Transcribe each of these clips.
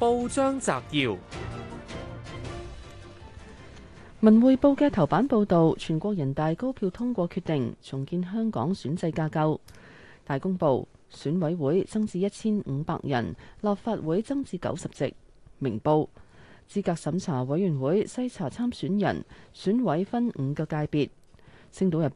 報章摘要：《文匯報》嘅頭版報道，全國人大高票通過決定重建香港選制架構，大公報選委會增至一千五百人，立法會增至九十席。《明報》資格審查委員會細查參選人，選委分五個界別。《星島日報》。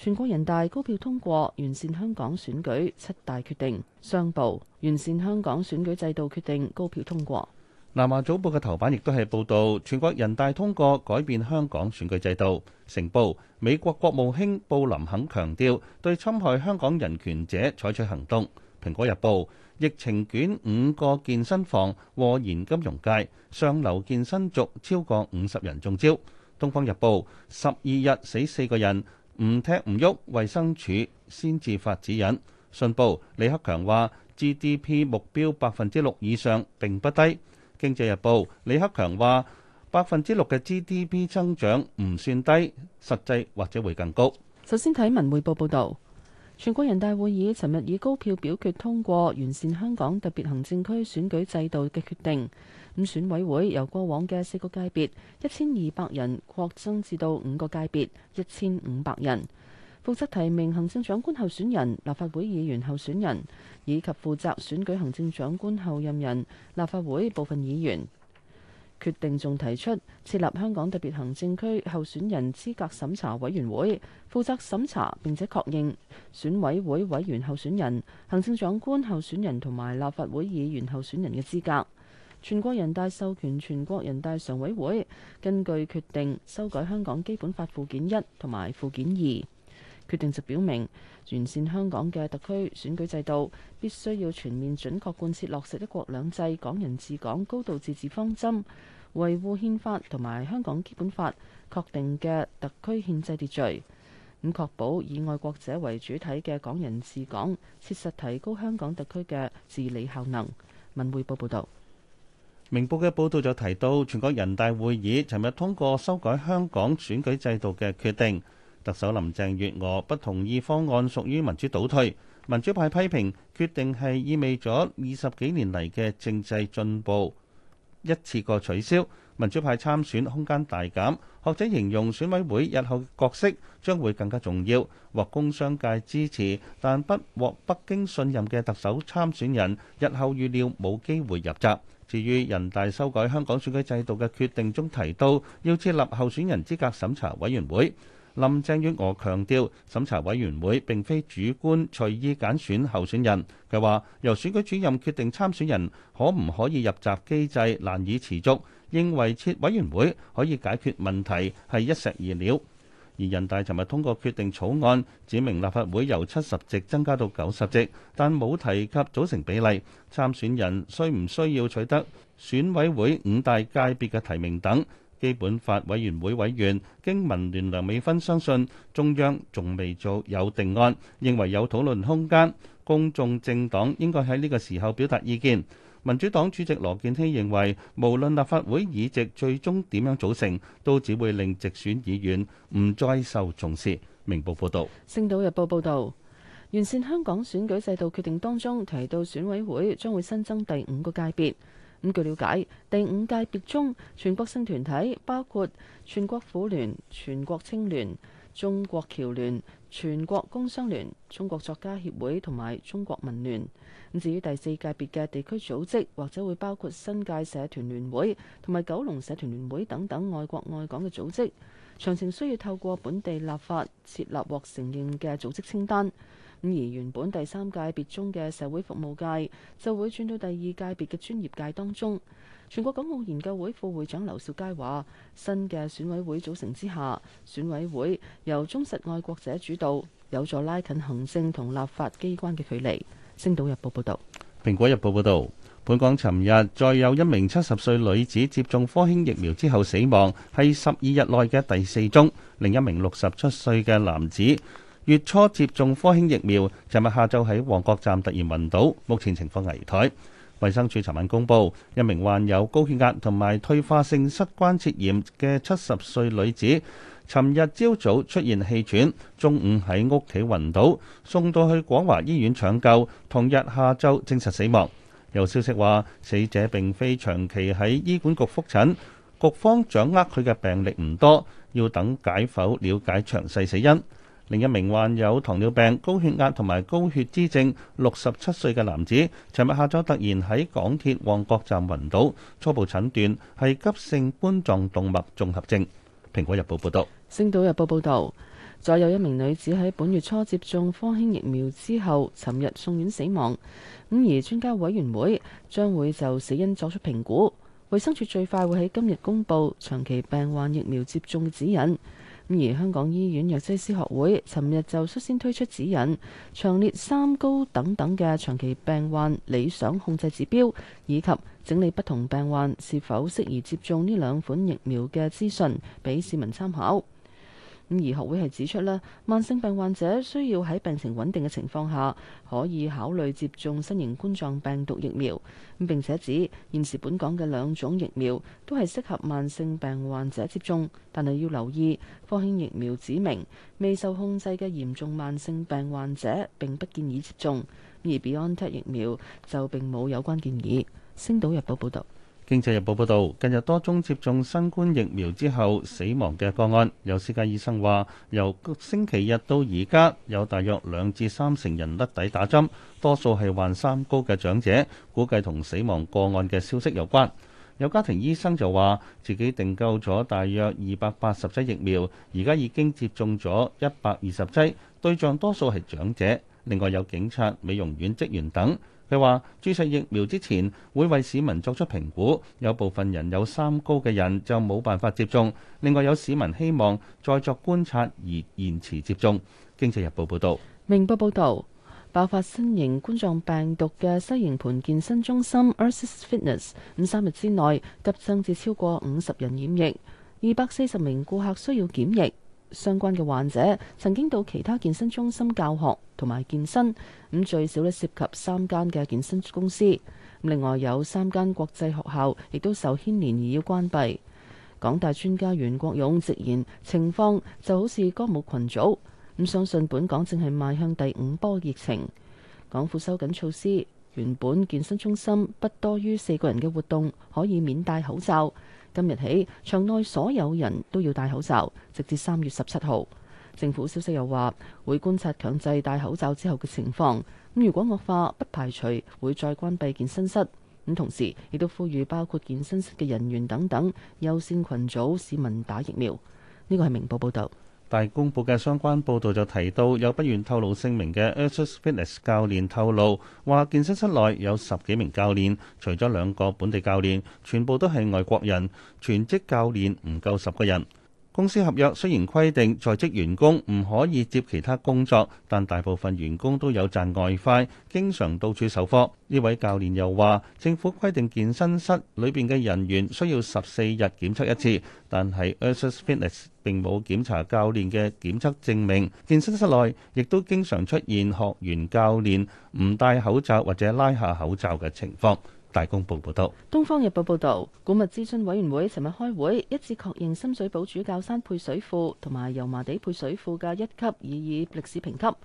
全國人大高票通過完善香港選舉七大決定，商報完善香港選舉制度決定高票通過。南華早報嘅頭版亦都係報道全國人大通過改變香港選舉制度。成報美國國務卿布林肯強調，對侵害香港人權者採取行動。蘋果日報疫情捲五個健身房和現金融界上流健身族超過五十人中招。東方日報十二日死四個人。唔踢唔喐，衞生署先至發指引。信報李克強話，GDP 目標百分之六以上並不低。經濟日報李克強話，百分之六嘅 GDP 增長唔算低，實際或者會更高。首先睇文匯報報道。全國人大會議尋日以高票表決通過完善香港特別行政區選舉制度嘅決定。咁選委會由過往嘅四個界別一千二百人擴增至到五個界別一千五百人，負責提名行政長官候選人、立法會議員候選人，以及負責選舉行政長官候任人、立法會部分議員。決定仲提出設立香港特別行政區候選人資格審查委員會，負責審查並且確認選委會委員候選人、行政長官候選人同埋立法會議員候選人嘅資格。全國人大授權全國人大常委會根據決定修改香港基本法附件一同埋附件二。決定就表明，完善香港嘅特區選舉制度，必須要全面準確貫徹落實一國兩制、港人治港、高度自治方針，維護憲法同埋香港基本法確定嘅特區憲制秩序，咁確保以愛國者為主體嘅港人治港，切實提高香港特區嘅治理效能。文匯報報導。明報嘅報導就提到，全國人大會議尋日通過修改香港選舉制度嘅決定。特首林鄭月娥不同意方案，屬於民主倒退。民主派批評決定係意味咗二十幾年嚟嘅政制進步一次過取消，民主派參選空間大減。學者形容選委會日後嘅角色將會更加重要。獲工商界支持但不獲北京信任嘅特首參選人，日後預料冇機會入閘。至於人大修改香港選舉制度嘅決定中提到，要設立候選人資格審查委員會。林鄭月娥強調，審查委員會並非主觀隨意揀選候選人。佢話：由選舉主任決定參選人可唔可以入閘機制難以持續，認為設委員會可以解決問題係一石二鳥。而人大尋日通過決定草案，指明立法會由七十席增加到九十席，但冇提及組成比例、參選人需唔需要取得選委會五大界別嘅提名等。基本法委員會委員經民聯梁美芬相信中央仲未做有定案，認為有討論空間，公眾政黨應該喺呢個時候表達意見，民主黨主席羅健熙認為無論立法會議席最終點樣組成，都只會令直選議員唔再受重視，明報報道，星島日報報道完善香港選舉制度決定當中提到，選委會將會新增第五個界別。咁據了解，第五界別中全國性團體包括全國婦聯、全國青聯、中國僑聯、全國工商聯、中國作家協會同埋中國民聯。至於第四界別嘅地區組織，或者會包括新界社團聯會同埋九龍社團聯會等等愛國愛港嘅組織，詳情需要透過本地立法設立或承認嘅組織清單。咁而原本第三界別中嘅社會服務界就會轉到第二界別嘅專業界當中。全國港澳研究會副會長劉少佳話，新嘅選委會組成之下，選委會由忠實愛國者主導，有助拉近行政同立法機關嘅距離。星島日報報道，蘋果日報報道，本港尋日再有一名七十歲女子接種科興疫苗之後死亡，係十二日內嘅第四宗。另一名六十七歲嘅男子。月初接種科興疫苗，尋日下晝喺旺角站突然暈倒，目前情況危殆。衛生署尋晚公布，一名患有高血壓同埋退化性膝關節炎嘅七十歲女子，尋日朝早出現氣喘，中午喺屋企暈倒，送到去廣華醫院搶救，同日下晝證實死亡。有消息話，死者並非長期喺醫管局覆診，局方掌握佢嘅病歷唔多，要等解剖了解詳細死因。另一名患有糖尿病、高血壓同埋高血脂症，六十七歲嘅男子，尋日下晝突然喺港鐵旺角站暈倒，初步診斷係急性冠狀動脈綜合症。《蘋果日報》報導，《星島日報》報道，再有一名女子喺本月初接種科興疫苗之後，尋日送院死亡。咁而專家委員會將會就死因作出評估。衛生署最快會喺今日公布長期病患疫苗接種指引。而香港醫院藥劑師學會尋日就率先推出指引，詳列三高等等嘅長期病患理想控制指標，以及整理不同病患是否適宜接種呢兩款疫苗嘅資訊，俾市民參考。咁醫學會係指出咧，慢性病患者需要喺病情穩定嘅情況下，可以考慮接種新型冠狀病毒疫苗。咁並且指現時本港嘅兩種疫苗都係適合慢性病患者接種，但係要留意科興疫苗指明，未受控制嘅嚴重慢性病患者並不建議接種。而 BioNTech 疫苗就並冇有，有關建議。星島日報報道。經濟日報報導，近日多宗接種新冠疫苗之後死亡嘅個案，有私家醫生話，由星期日到而家，有大約兩至三成人甩底打針，多數係患三高嘅長者，估計同死亡個案嘅消息有關。有家庭醫生就話，自己訂購咗大約二百八十劑疫苗，而家已經接種咗一百二十劑，對象多數係長者，另外有警察、美容院職員等。佢話：注射疫苗之前會為市民作出評估，有部分人有三高嘅人就冇辦法接種。另外有市民希望再作觀察而延遲接種。經濟日報報道：「明報報道，爆發新型冠狀病毒嘅西營盤健身中心 Ursus Fitness，五三日之內急增至超過五十人染疫，二百四十名顧客需要檢疫。相關嘅患者曾經到其他健身中心教學同埋健身，咁最少咧涉及三間嘅健身公司。另外有三間國際學校亦都受牽連而要關閉。港大專家袁國勇直言，情況就好似歌舞群組，咁相信本港正係邁向第五波疫情。港府收緊措施，原本健身中心不多於四個人嘅活動可以免戴口罩。今日起，場內所有人都要戴口罩，直至三月十七號。政府消息又話，會觀察強制戴口罩之後嘅情況。咁如果惡化，不排除會再關閉健身室。咁同時，亦都呼籲包括健身室嘅人員等等優先群組市民打疫苗。呢個係明報報道。大公報嘅相關報導就提到，有不願透露姓名嘅 Essex Fitness 教練透露，話健身室內有十幾名教練，除咗兩個本地教練，全部都係外國人，全職教練唔夠十個人。公司合約雖然規定在職員工唔可以接其他工作，但大部分員工都有賺外快，經常到處授課。呢位教練又話：政府規定健身室裏邊嘅人員需要十四日檢測一次，但係 Ursus Fitness 並冇檢查教練嘅檢測證明。健身室內亦都經常出現學員教練唔戴口罩或者拉下口罩嘅情況。大公報報道，東方日報報道，古物諮詢委員會尋日開會，一致確認深水埗主教山配水庫同埋油麻地配水庫嘅一級以以歷史評級。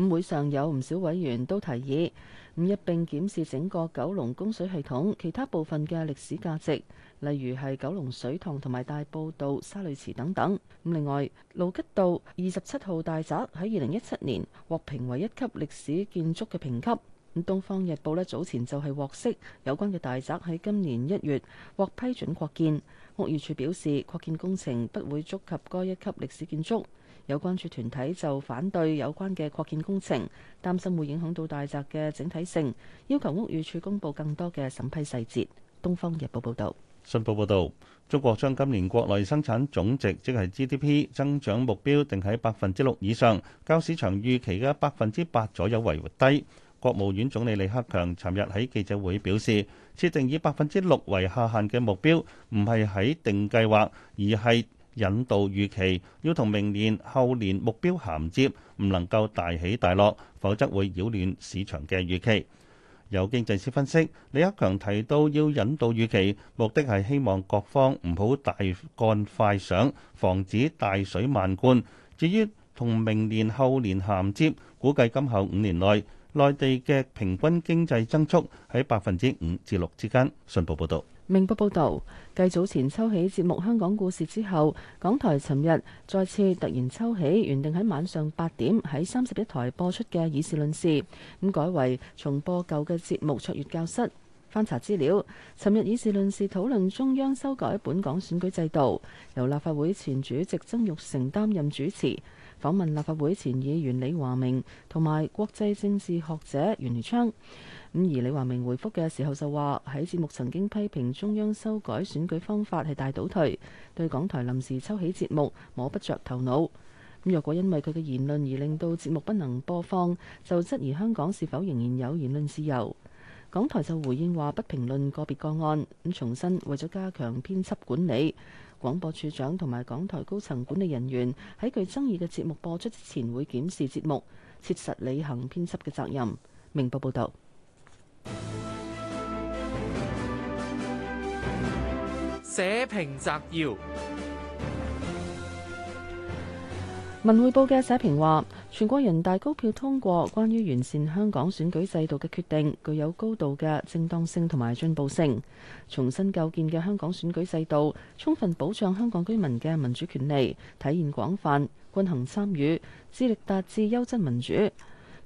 咁會上有唔少委員都提議，咁一併檢視整個九龍供水系統其他部分嘅歷史價值，例如係九龍水塘同埋大埔道沙濾池，等等。咁另外，盧吉道二十七號大宅喺二零一七年獲評為一級歷史建築嘅評級。咁《東方日報》呢，早前就係獲悉有關嘅大宅喺今年一月獲批准擴建。屋宇署表示，擴建工程不會觸及該一級歷史建築。有關注團體就反對有關嘅擴建工程，擔心會影響到大宅嘅整體性，要求屋宇署公布更多嘅審批細節。《東方日報》報導，《信報》報導，中國將今年國內生產總值即係 GDP 增長目標定喺百分之六以上，較市場預期嘅百分之八左右為低。國務院總理李克強尋日喺記者會表示，設定以百分之六為下限嘅目標，唔係喺定計劃，而係引導預期，要同明年後年目標銜接，唔能夠大起大落，否則會擾亂市場嘅預期。有經濟師分析，李克強提到要引導預期，目的係希望各方唔好大幹快上，防止大水漫灌。至於同明年後年銜接，估計今後五年內。內地嘅平均經濟增速喺百分之五至六之間。信報報道：明報報道，繼早前抽起節目《香港故事》之後，港台尋日再次突然抽起原定喺晚上八點喺三十一台播出嘅《議事論事》，咁改為重播舊嘅節目《卓越教室》，翻查資料，尋日《議事論事》討論中央修改本港選舉制度，由立法會前主席曾鈺成擔任主持。訪問立法會前議員李華明同埋國際政治學者袁彌昌，咁而李華明回覆嘅時候就話：喺節目曾經批評中央修改選舉方法係大倒退，對港台臨時抽起節目摸不着頭腦。咁若果因為佢嘅言論而令到節目不能播放，就質疑香港是否仍然有言論自由。港台就回應話：不評論個別個案，咁重申為咗加強編輯管理。廣播處長同埋港台高層管理人員喺具爭議嘅節目播出之前會檢視節目，切實履行編輯嘅責任。明報報道。社評摘要。文匯報嘅社評話，全國人大高票通過關於完善香港選舉制度嘅決定，具有高度嘅正當性同埋進步性。重新構建嘅香港選舉制度，充分保障香港居民嘅民主權利，體現廣泛、均衡參與、致力達至優質民主，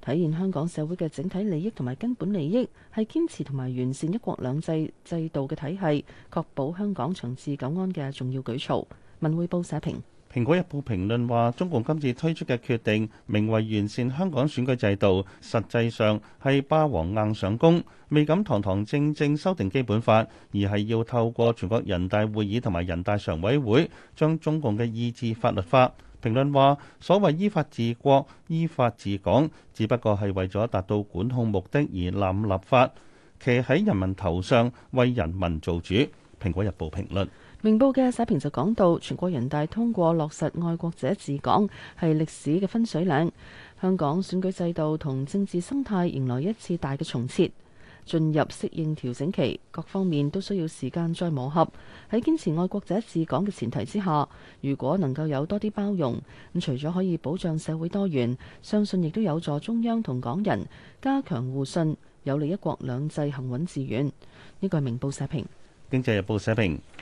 體現香港社會嘅整體利益同埋根本利益，係堅持同埋完善一國兩制制度嘅體系，確保香港長治久安嘅重要舉措。文匯報社評。《蘋果日報》評論話：中共今次推出嘅決定，名為完善香港選舉制度，實際上係霸王硬上弓，未敢堂堂正正修訂基本法，而係要透過全國人大會議同埋人大常委會將中共嘅意志法律化。評論話：所謂依法治國、依法治港，只不過係為咗達到管控目的而濫立法，騎喺人民頭上為人民做主。《蘋果日報》評論。明報嘅社評就講到，全國人大通過落實愛國者治港係歷史嘅分水嶺，香港選舉制度同政治生態迎來一次大嘅重設，進入適應調整期，各方面都需要時間再磨合。喺堅持愛國者治港嘅前提之下，如果能夠有多啲包容，咁除咗可以保障社會多元，相信亦都有助中央同港人加強互信，有利一國兩制行穩致遠。呢個係明報社評。《經濟日報》社評。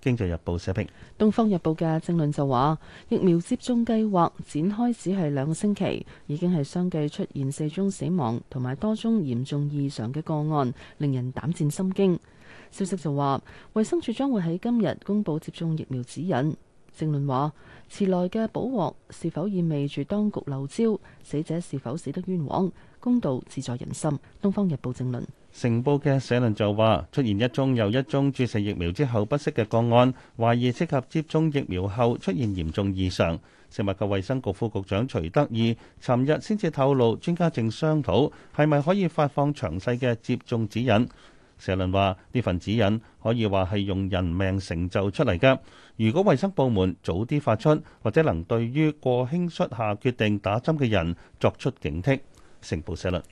《經濟日報》社評，《東方日報》嘅政論就話：疫苗接種計劃展開只係兩個星期，已經係相繼出現四宗死亡同埋多宗嚴重異常嘅個案，令人膽戰心驚。消息就話，衛生署將會喺今日公佈接種疫苗指引。政論話：遲來嘅補鑊是否意味住當局漏招？死者是否死得冤枉？公道自在人心。《東方日報》政論。成報嘅社論就話出現一宗又一宗注射疫苗之後不適嘅個案，懷疑涉及接種疫苗後出現嚴重異常。食物及衛生局副局長徐德義尋日先至透露，專家正商討係咪可以發放詳細嘅接種指引。社論話呢份指引可以話係用人命成就出嚟㗎。如果衛生部門早啲發出，或者能對於過輕率下決定打針嘅人作出警惕。成報社論。